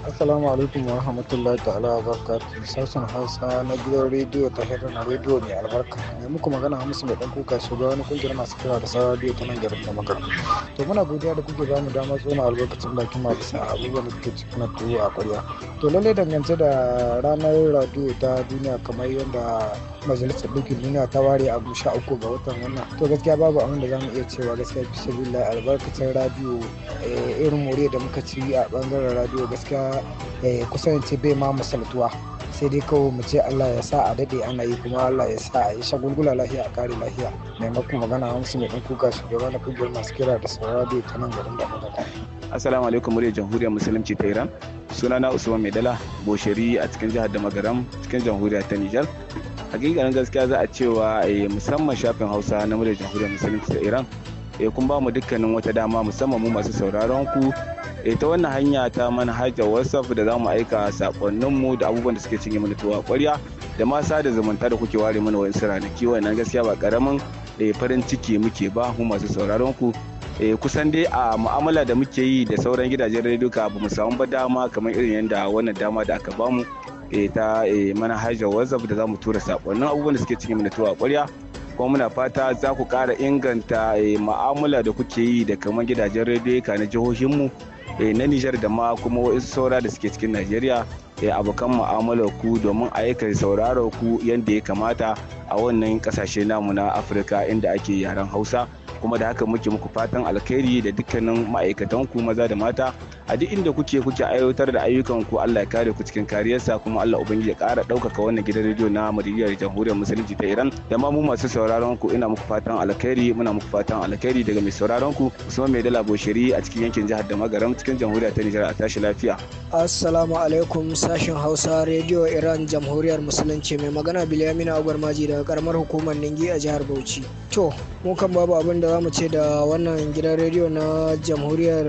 Assalamu alaikum wa rahmatullahi ta'ala wa barakatuh. Sashen Hausa na gidan rediyo ta na rediyo mai albarka. ya muku magana Hamisu mai dan kuka shugaba na kungiyar masu kira da sauran rediyo ta nan garin da magana. To muna godiya da kuke bamu dama tsoma albarkacin bakin ma bisa abubuwan da ke cikin na tuwo a ƙwarya. To lallai dangance da ranar radiyo ta duniya kamar yadda majalisar dukkan duniya ta ware abu sha uku ga watan wannan to gaskiya babu abin da zamu iya cewa gaskiya bisa albarkacin radio eh, irin more da muka ci a bangaren radio gaskiya eh, kusan ce bai ma musaltuwa. sai dai kawai mu ce Allah ya sa a dade ana yi kuma Allah ya sa a yi shagulgula lahiya a kare lahiya maimakon magana hamsin mai ɗan kuka shugaba na kungiyar masu kira da radio ta nan garin da madaka. Assalamu alaikum muryar jamhuriyar musulunci ta Iran sunana Usman Maidala Bosheri a cikin jihar Damagaram cikin jamhuriyar ta Nijar hakikanin gaskiya za a cewa eh, musamman shafin hausa na muryar jamhuriyar musulunci ta iran e kun ba mu dukkanin wata dama musamman mu masu sauraron ku e ta wannan hanya ta manhajar whatsapp da za mu aika sakonninmu da abubuwan da suke cinye mana tuwa kwarya da ma sada zumunta da kuke ware mana wa'insu ranaki wannan gaskiya ba karamin farin ciki muke ba mu masu sauraron ku e, kusan dai a mu'amala da muke yi da sauran gidajen rediyo ka ba mu samu ba dama kamar irin yadda wannan dama da aka bamu Eh, ta eh, manhajar wazaf da za mu tura sakonnin abubuwan da suke cikin mana a kwarya kuma muna fata za ku kara inganta eh, ma'amala da kuke yi da kamar gidajen rediyo na jihohinmu na nijar da ma kuma wasu saura da suke cikin najeriya abokan ma'amalar ku domin a yakan sauraro ku yadda ya kamata a wannan kasashe namu na afirka inda ake yaren hausa kuma da haka muke muku fatan alkhairi da dukkanin ma'aikatan ku maza da mata a duk inda kuke kuke aiwatar da ayyukan ku Allah ya kare ku cikin kariyarsa kuma Allah ubangiji ya kara ɗaukaka wannan gidan rediyo na Muryar Jamhuriyar Musulunci ta Iran da ma mu masu sauraron ku ina muku fatan alkhairi muna muku fatan alkhairi daga mai sauraron ku Usman Mai Dala Boshiri a cikin yankin jihar Damagaram cikin Jamhuriyar ta Nijar a tashi lafiya. Assalamu alaikum sashin Hausa Radio Iran Jamhuriyar Musulunci mai magana bilamina maji daga karamar hukumar Ningi a jihar Bauchi. To, mu kan babu abin da zamu ce da wannan gidan rediyo na Jamhuriyar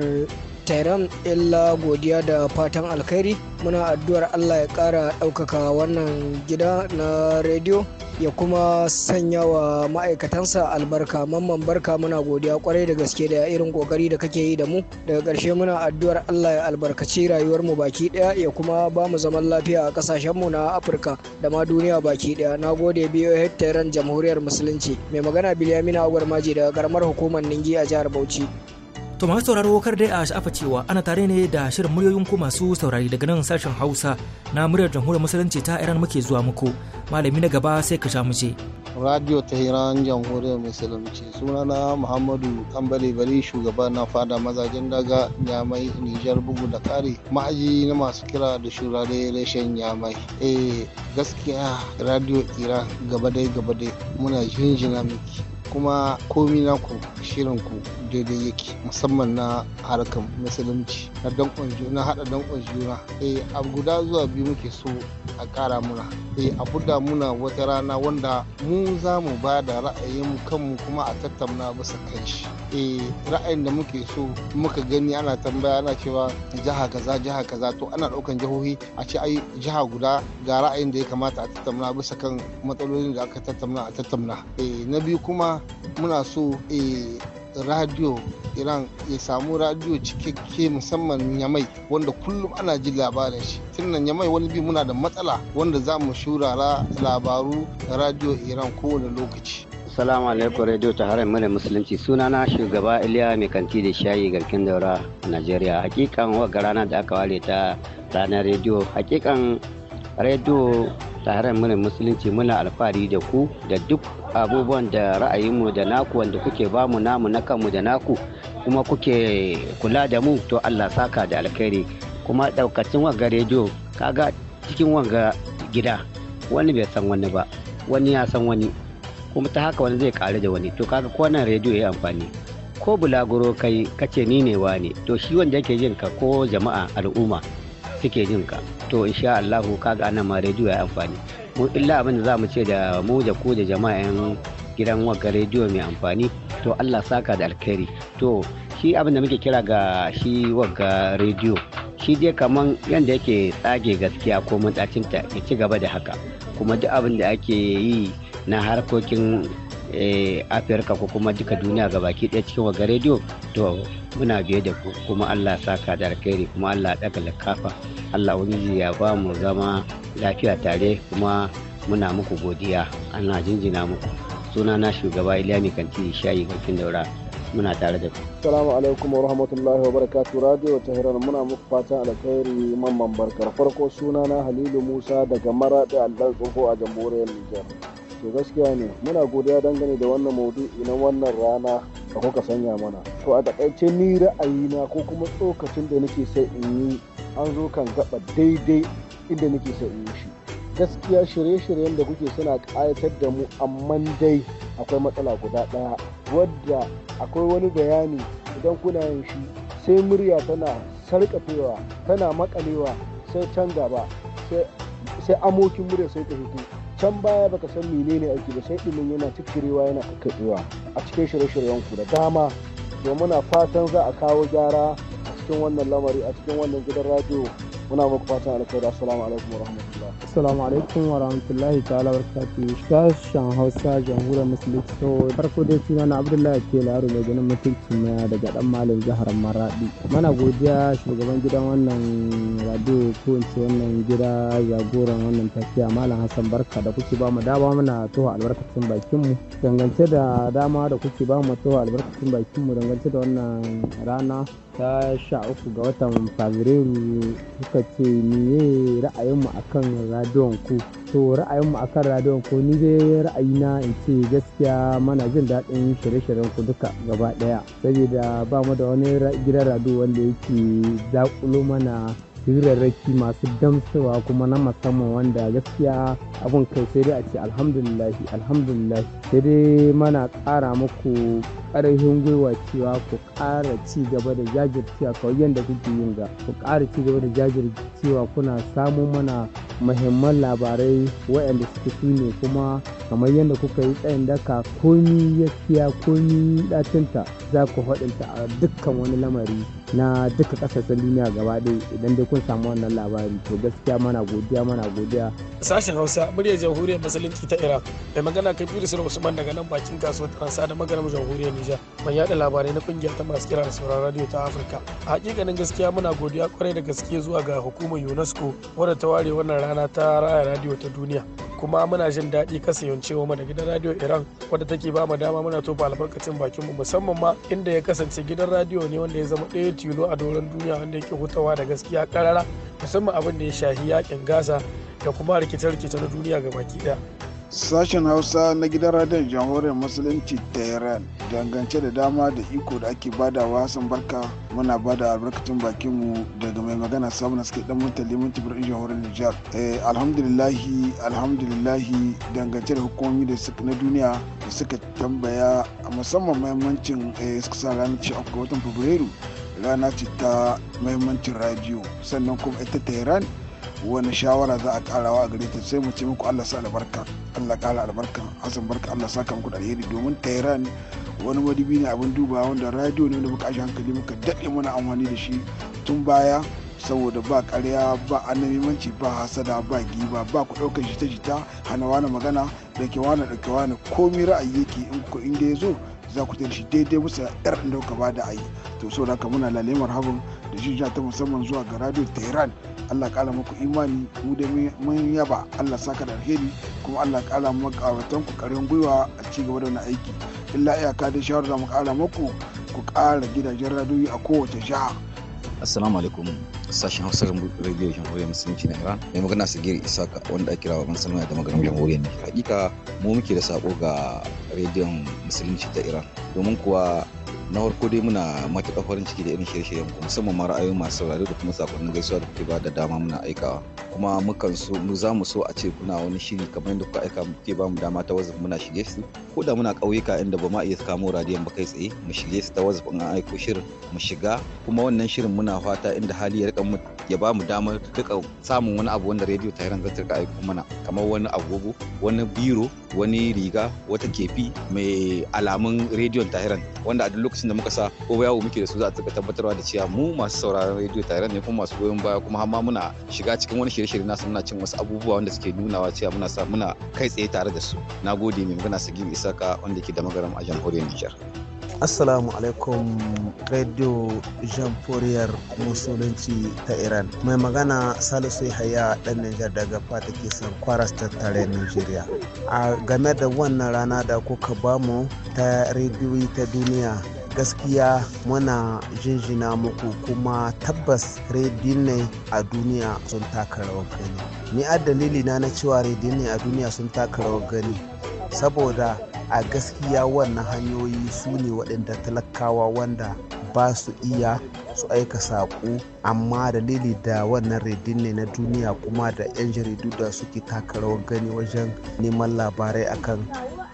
tehran illa godiya da fatan alkhairi muna addu'ar allah ya kara ɗaukaka wannan gida na rediyo ya kuma sanya wa ma'aikatansa albarka mamman barka muna godiya kwarai da gaske da irin kokari da kake yi da mu daga karshe muna addu'ar allah ya albarkaci rayuwar mu baki ɗaya ya kuma ba mu zaman lafiya a ƙasashen mu na afirka da ma duniya baki ɗaya na gode biyo hettaren jamhuriyar musulunci mai magana biliyamina agwar maji daga karamar hukumar ningi a jihar bauchi To masu sauraro kar dai a sha'afa cewa ana tare ne da shirin muryoyin ku masu saurari daga nan sashen Hausa na muryar jamhuriyar musulunci ta Iran muke zuwa muku. Malami na gaba sai ka sha mu ce. Radio Iran jamhuriyar musulunci sunana Muhammadu Kambale Bari shugaba na fada mazajen daga Nyamai Nijar bugu da kare ma'aji na masu kira da shurare reshen Nyamai. Eh gaskiya Radio Iran gaba dai gaba dai muna jinjina miki. kuma komi naku shirin ku daidai yake musamman na harkar musulunci na dankon juna hada dankon juna eh guda zuwa biyu muke so a kara muna eh a buda muna wata rana wanda mu za mu ba da ra'ayin kanmu kuma a tattauna bisa kan shi eh ra'ayin da muke so muka gani ana tambaya ana cewa jiha kaza jiha kaza to ana daukan jihohi a ce ai jiha guda ga ra'ayin da ya kamata a tattauna bisa kan matsalolin da aka tattauna a tattauna eh na biyu kuma muna so e radio iran ya samu radio cikakke musamman yamai wanda kullum ana ji labarin shi nan yamai wani bi muna da matsala wanda za mu shurara labaru radio iran kowane lokaci salamu alaikum radio ta harin mana musulunci sunana shugaba Iliya mai kanti da shayi garkin daura a Najeriya. Hakikan wagga rana da aka ware ta ranar radio. Hakikan radio ta harin mana musulunci muna alfahari da ku da duk abubuwan da ra'ayinmu da naku wanda kuke ba mu namu na kanmu da naku kuma kuke kula da mu to Allah saka da alkhairi kuma daukacin wanga rediyo kaga cikin wanga gida wani bai san wani ba wani ya san wani kuma ta haka wani zai kare da wani to kaga ko nan rediyo ya amfani ko bulaguro kai kace ni ne to shi wanda yake jin ka ko jama'a al'umma suke jin ka to insha Allah kaga anan ma rediyo ya amfani mu illa abin da za mu ce da mu da ku da jama'in gidan waga rediyo mai amfani to allah saka da alkhairi to shi abin da muke kira ga shi waga rediyo shi dai kaman yadda yake tsage gaskiya ko matsacinta ya ci gaba da haka kuma duk abin da ake yi na harkokin Eh, afirka ko kuma duka duniya ga baki ɗaya cikin waga rediyo to muna biye da ku kuma allah saka da alkhairi kuma allah daga likafa allah wani ya ba mu zama lafiya tare kuma muna muku godiya ana jinjina muku suna na shugaba iliya mai kanti shayi bakin daura muna tare da ku. Salamu alaikum wa rahmatullahi wa barakatuh Radio hiran, muna muku fatan alkhairi mamman barkar farko suna na Halilu Musa daga Maraɗi Allah Tsoho a jamhuriyar Nijar. to gaskiya ne muna godiya dangane da wannan maudu'i na wannan rana da kuka sanya mana to a takaice ni ra'ayi na ko kuma tsokacin da nake sai in yi an zo kan gaba daidai inda nake sai in yi shi gaskiya shirye-shiryen da kuke suna ƙayatar da mu amma dai akwai matsala guda ɗaya wadda akwai wani bayani idan kuna yin shi sai murya tana sarƙafewa tana maƙalewa sai can gaba sai amokin murya sai ta fito can baya baka san menene aiki ba sai ɗumin yana tikirewa yana kakkaɗewa a cikin shirye-shiryen ku da dama domin na fatan za a kawo gyara a cikin wannan lamari a cikin wannan gidan radio muna muku fatan alkhairi assalamu alaikum wa rahmatullah assalamu alaikum wa rahmatullahi ta'ala barakatuhu sashen hausa jamhuriyar musulunci to farko dai suna na abdullahi ke laro mai ganin mutunci na daga dan malam jihar maradi mana godiya shugaban gidan wannan radio ko in ce wannan gida jagoran wannan tafiya malam hassan barka da kuke ba mu dama muna tuhu albarkacin bakin mu dangance da dama da kuke ba mu towa albarkacin bakin mu dangance da wannan rana ta sha uku ga watan fabrairu suka ce niye ra'ayinmu akan radiyon ku to ra'ayinmu akan radiyon ku ni dai na in ce gaskiya mana jin daɗin shirye-shiryen ku duka gaba ɗaya saboda ba mu da wani gidan radiyo wanda yake zaƙulo mana hirarraki masu damsawa kuma na musamman wanda gaskiya abun kai sai dai a ce alhamdulillah alhamdulillah sai dai mana ƙara muku ƙarfin gwiwa cewa ku ƙara ci gaba da jajircewa kawai yadda kuke yin ga ku ƙara ci gaba da jajircewa kuna samu mana mahimman labarai waɗanda suke su ne kuma kamar yadda kuka yi tsayin daka komi ya fiya komi ɗacinta za ku haɗinta a dukkan wani lamari na duka ƙasashen duniya gaba ɗaya idan dai kun samu wannan labari to gaskiya mana godiya mana godiya. sashen hausa muryar jamhuriyar musulunci ta iraq mai magana kabiru sura usman daga nan bakin kasuwar transa da maganar jamhuriyar Abuja mai yada labarai na kungiya ta masu kira da sauran radio ta Afirka. A hakikanin gaskiya muna godiya kwarai da gaske zuwa ga hukumar UNESCO wadda ta ware wannan rana ta raya radio ta duniya. kuma muna jin daɗi kasayancewa mu da gidan radio Iran wadda take ba mu dama muna tofa albarkacin bakin mu musamman ma inda ya kasance gidan radio ne wanda ya zama ɗaya tilo a doron duniya wanda yake hutawa da gaskiya karara musamman abin da ya shahi yakin gasa da kuma rikice-rikice na duniya ga baki daya Sashen Hausa na gidan radiyon jamhuriyar Musulunci Tehran dangance da dama da iko da ake badawa sun barka muna bada albarkacin bakinmu daga mai magana samun suke dan mutali mun tibirin jamhuriyar Nijar. Eh, alhamdulillahi alhamdulillahi dangance da hukumomi da suka na duniya da suka tambaya musamman mahimmancin eh, suka sa ranar ci watan Fabrairu rana ce ta mahimmancin radiyo sannan kuma ita Tehran wani shawara za a karawa a gare ta sai mu ce muku Allah sa albarka Allah kara albarka asan barka Allah saka muku da alheri domin Tehran wani madubi ne abin duba wanda radio ne da muka ashi hankali muka daɗe muna amfani da shi tun baya saboda ba karya ba annabimanci ba hasada ba giba ba ku ɗaukar jita-jita hana wani magana da ke wani da ke wani komi ra'ayi yake in ku inda ya zo za ku tare shi daidai musa yar da ba da ayi to so da muna lalemar habin da shi ta musamman zuwa ga radio tehran allah kala muku imani mu da mun yaba allah saka da alheri kuma allah kala mu kawatan ku karin gwiwa a ci gaba da na aiki illa iyaka da shawar da mu kala muku ku kara gidajen radio a kowace jiha assalamu alaikum sashen hausar radio jamhuriyar musulunci na iran mai magana su giri isaka wanda ake kira babban sanarwa da maganar jamhuriyar ne hakika mu muke da sako ga radio musulunci ta iran domin kuwa na farko dai muna matuƙar farin ciki da irin shirye-shiryen ku musamman ma ra'ayoyin masu sauraro da kuma sakonnin gaisuwa da kuke ba da dama muna aikawa kuma mukan so mu za mu so a ce kuna wani shiri kamar yadda kuka aika muke ba mu dama ta wazaf muna shige su ko da muna ƙauyuka inda ba ma iya kamo radiyon ba kai tsaye mu shige su ta wazaf in an aiko shirin mu shiga kuma wannan shirin muna fata inda hali ya mu ya ba mu damar duka samun wani abu wanda rediyo ta hiran zata aiko mana kamar wani agogo wani biro wani riga wata kefi mai alamun rediyon tahiran wanda a duk lokacin da muka sa ko yawo muke da su za a tabbatarwa da cewa mu masu sauraron rediyo tahiran ne kuma masu goyon baya kuma har ma muna shiga cikin wani shirin shirye-shirye nasu muna cin wasu abubuwa wanda suke nunawa cewa muna sa muna kai tsaye tare da su na gode mai magana su sagim isaka wanda ke da magaram a jamhuriyar nijar Assalamu alaikum Radio Jamhuriyar Musulunci ta Iran. Mai magana Salisu Yahaya ɗan Nijar daga fata san kwaras ta tare A game da wannan rana da kuka bamu ta rediyoyi ta duniya gaskiya muna jinjina muku kuma tabbas ne a duniya sun taka rawar gani ni a dalili na na cewa ne a duniya sun taka rawar gani saboda a gaskiya wannan hanyoyi su ne waɗanda talakawa wanda ba su iya su aika saƙo amma dalili da wannan redin ne na duniya kuma da 'yan jaridu da suke taka rawar gani wajen neman labarai akan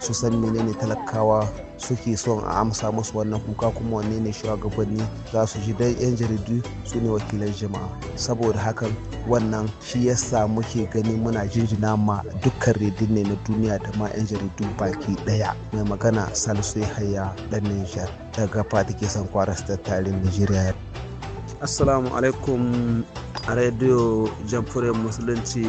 su san menene talakawa suke son a amsa musu wannan kuka kuma wanne ne shugabanni za su ji dai yan jaridu su ne wakilan jama'a saboda hakan wannan shi yasa muke gani muna jinjina ma dukkan redin ne na duniya da ma yan jaridu baki daya mai magana salisu haya dan nijar daga fata ke san kwaras tattalin nigeria assalamu alaikum a rediyo jamfure musulunci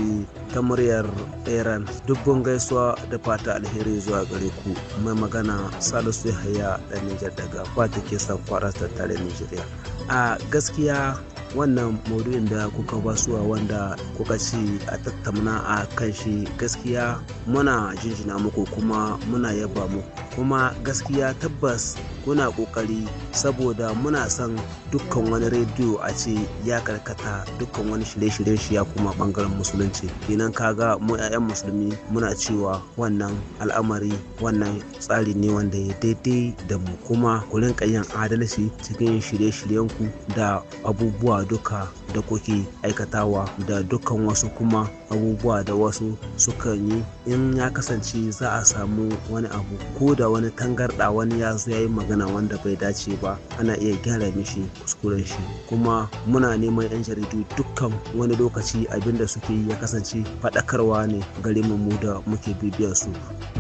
ta muryar iran dubban gaisuwa da fata alheri zuwa gare ku mai magana salisu yahaya da nijar daga fata ke san kwarar nijeriya a gaskiya wannan maudu'in da kuka basuwa wanda kuka ci a tattauna a kan shi gaskiya muna jinjina muku kuma muna yaba mu kuma gaskiya tabbas kuna kokari saboda muna son dukkan wani rediyo a ce ya karkata dukkan wani shirye-shiryen shi ya kuma bangaren musulunci kenan kaga mu 'ya'yan musulmi muna cewa wannan al'amari wannan tsari ne wanda ya daidai da mu kuma ku rinka yin adalci cikin shirye shiryen ku da abubuwa duka da kuke aikatawa da dukkan wasu kuma abubuwa da wasu suka yi in ya kasance za a samu wani abu ko da wani tangarɗa wani ya zo ya yi magana wanda bai dace ba ana iya gyara mishi kuskuren shi kuma muna neman 'yan jaridu dukkan wani lokaci abinda suke yi ya kasance faɗakarwa ne gare mu da muke bibiyar su.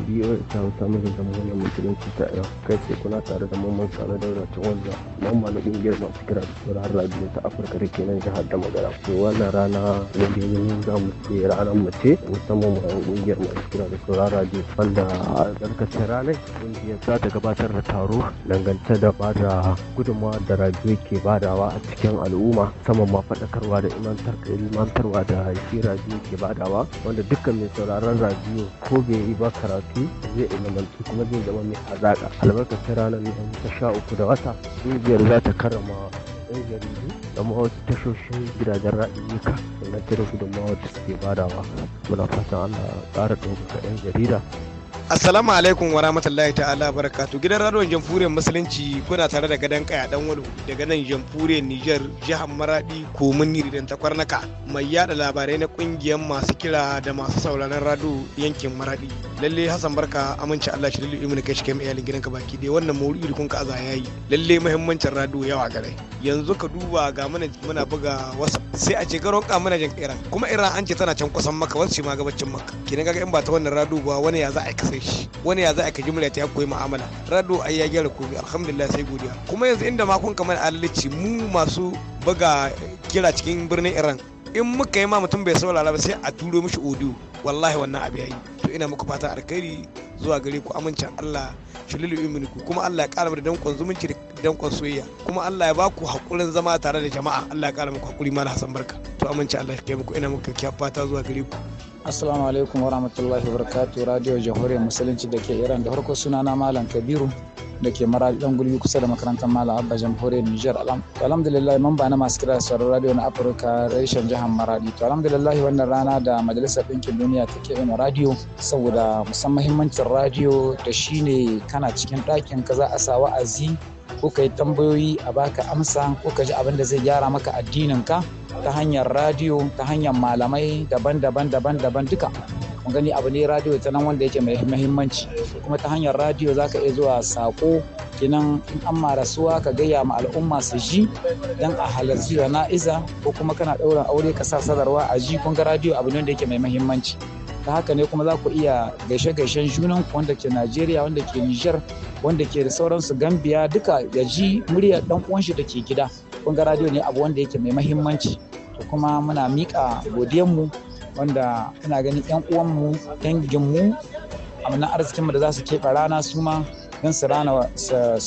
biyo ta hausa mijin da wannan musulunci ta yau kai sai kuna tare da mamman sanu da wanda mamma na ƙungiyar masu kira da sauran radio ta afirka da ke nan jihar da magana to wannan rana na dai za mu ce ranar mace musamman ma kungiyar mai kira da saurara radio wanda a tsarkacin ranar kungiyar za ta gabatar da taro dangance da ba da gudunmawa da radio ke badawa a cikin al'umma musamman ma faɗakarwa da ilmantarwa da shi radio ke badawa wanda dukkan mai sauraron radio ko bai yi ba karatu zai ilmantu kuma zai zama mai hazaƙa albarkacin ranar ne ta sha uku da wata kungiyar za ta karrama 'yan jarida da ma tashoshin gidajen ra'ayyuka na cire gudunmawar da suke badawa muna fatan allah ƙara ɗaukaka 'yan jarida Assalamu alaikum wa rahmatullahi ta'ala barakatu gidan radon jamhuriyar musulunci kuna tare da gadon kaya dan wadu daga nan jamhuriyar Niger jihar Maradi komin Niri ta kwarnaka mai yada labarai na kungiyar masu kira da masu sauraron rado yankin Maradi lalle Hassan Barka amince Allah shi lalle imin kai shi kai iyalin gidanka baki dai wannan maudu'i da kun ka aza yayi lalle muhimmancin radio yawa gare yanzu ka duba ga mana muna buga wasa sai a ce ka muna mana jin Iran kuma Iran an ce tana can kusan maka wasu ma gabacin maka kina ga in ba ta wannan radio ba wani ya za a kasa shi wani ya za a kaji murya ta koyi mu'amala radio ai ya gyara komai alhamdulillah sai godiya kuma yanzu inda ma kun kamar alalici mu masu buga kira cikin birnin Iran in muka yi ma mutum bai saurara ba sai a turo mishi odu wallahi wannan abu yayi to ina muku fata alkhairi zuwa gare ku amincin Allah shi lulu ku kuma Allah ya kara mu da dankon zumunci da dankon soyayya kuma Allah ya baku hakurin zama tare da jama'a Allah ya kara muku hakuri mala Hassan barka to amincin Allah ya kai muku ina muku kyakkyawa fata zuwa gare ku Assalamu alaikum wa rahmatullahi wa barakatuh Radio Jamhuriyar Musulunci da ke Iran da farko suna na Malam Kabiru da ke mara ɗan gulbi kusa da makarantar Malam Abba Jamhuriyar Nijar Alam. To alhamdulillah mamba na masu kira sauran radio na Afirka reshen jihar Maradi. To alhamdulillah wannan rana da Majalisar Ɗinkin Duniya ta ke ina radio saboda musamman muhimmancin radio da ne kana cikin ɗakin ka za a sa wa'azi ko ka yi tambayoyi a baka amsa ko ka ji abin da zai gyara maka addinin ka. ta hanyar radiyo ta hanyar malamai daban-daban daban-daban duka mun gani abu ne radiyo ta nan wanda yake mai muhimmanci kuma ta hanyar radiyo za ka iya zuwa sako kinan in an ma rasuwa ka gaya ma al'umma su ji dan a halarci da na'iza ko kuma kana ɗaurin aure ka sa sadarwa a ji kun ga radiyo abu ne wanda yake mai muhimmanci ta haka ne kuma za ku iya gaishe-gaishen junan wanda ke Najeriya wanda ke Nijar wanda ke da sauransu gambiya duka ya ji muryar dan uwan shi da ke gida kun radio ne abu wanda yake mai mahimmanci to kuma muna mika godiyan mu wanda muna ganin 'yan uwanmu danginmu arzikin arzikinmu da za su keɓe rana su ma don su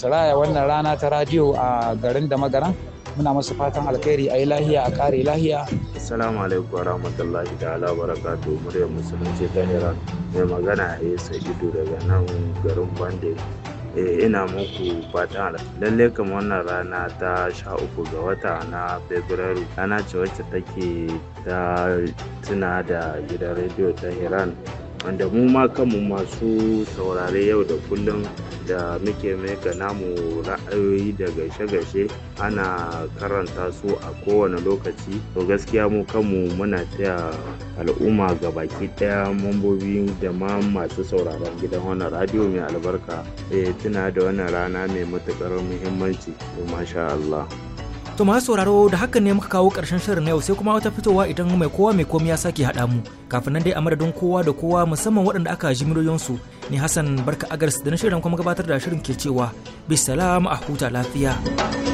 raya wannan rana ta radio a garin da magaran muna masu fatan alkhairi a yi lahiya a kare lahiya. Assalamu alaikum wa rahmatullahi da ala barakatu muryar musulunci ta Iran mai magana a yi sa'idu daga nan garin Bande Eh, ina muku fatan lalle kama wannan rana ta sha uku ga wata na fabrairu rana ce wacce take ta tuna da gidan rediyo ta iran wanda mu ma kanmu masu saurare yau da kullum da muke meka namu ra'ayoyi da gaishe-gaishe ana karanta su a kowane lokaci to gaskiya mu kanmu muna taya al'umma ga baki ɗaya, mambobi da ma masu sauraron gidan wannan radio mai albarka E, tuna da wannan rana mai matuƙar muhimmanci masha Allah. To masu sauraro da hakan ne muka kawo ƙarshen shirin na yau sai kuma wata fitowa idan mai kowa mai komai ya sake haɗa mu. Kafin nan dai a madadin kowa da kowa musamman waɗanda aka ji su ni Hassan Barka Agars da na shirin kuma gabatar da shirin ke cewa bisalamu a huta lafiya.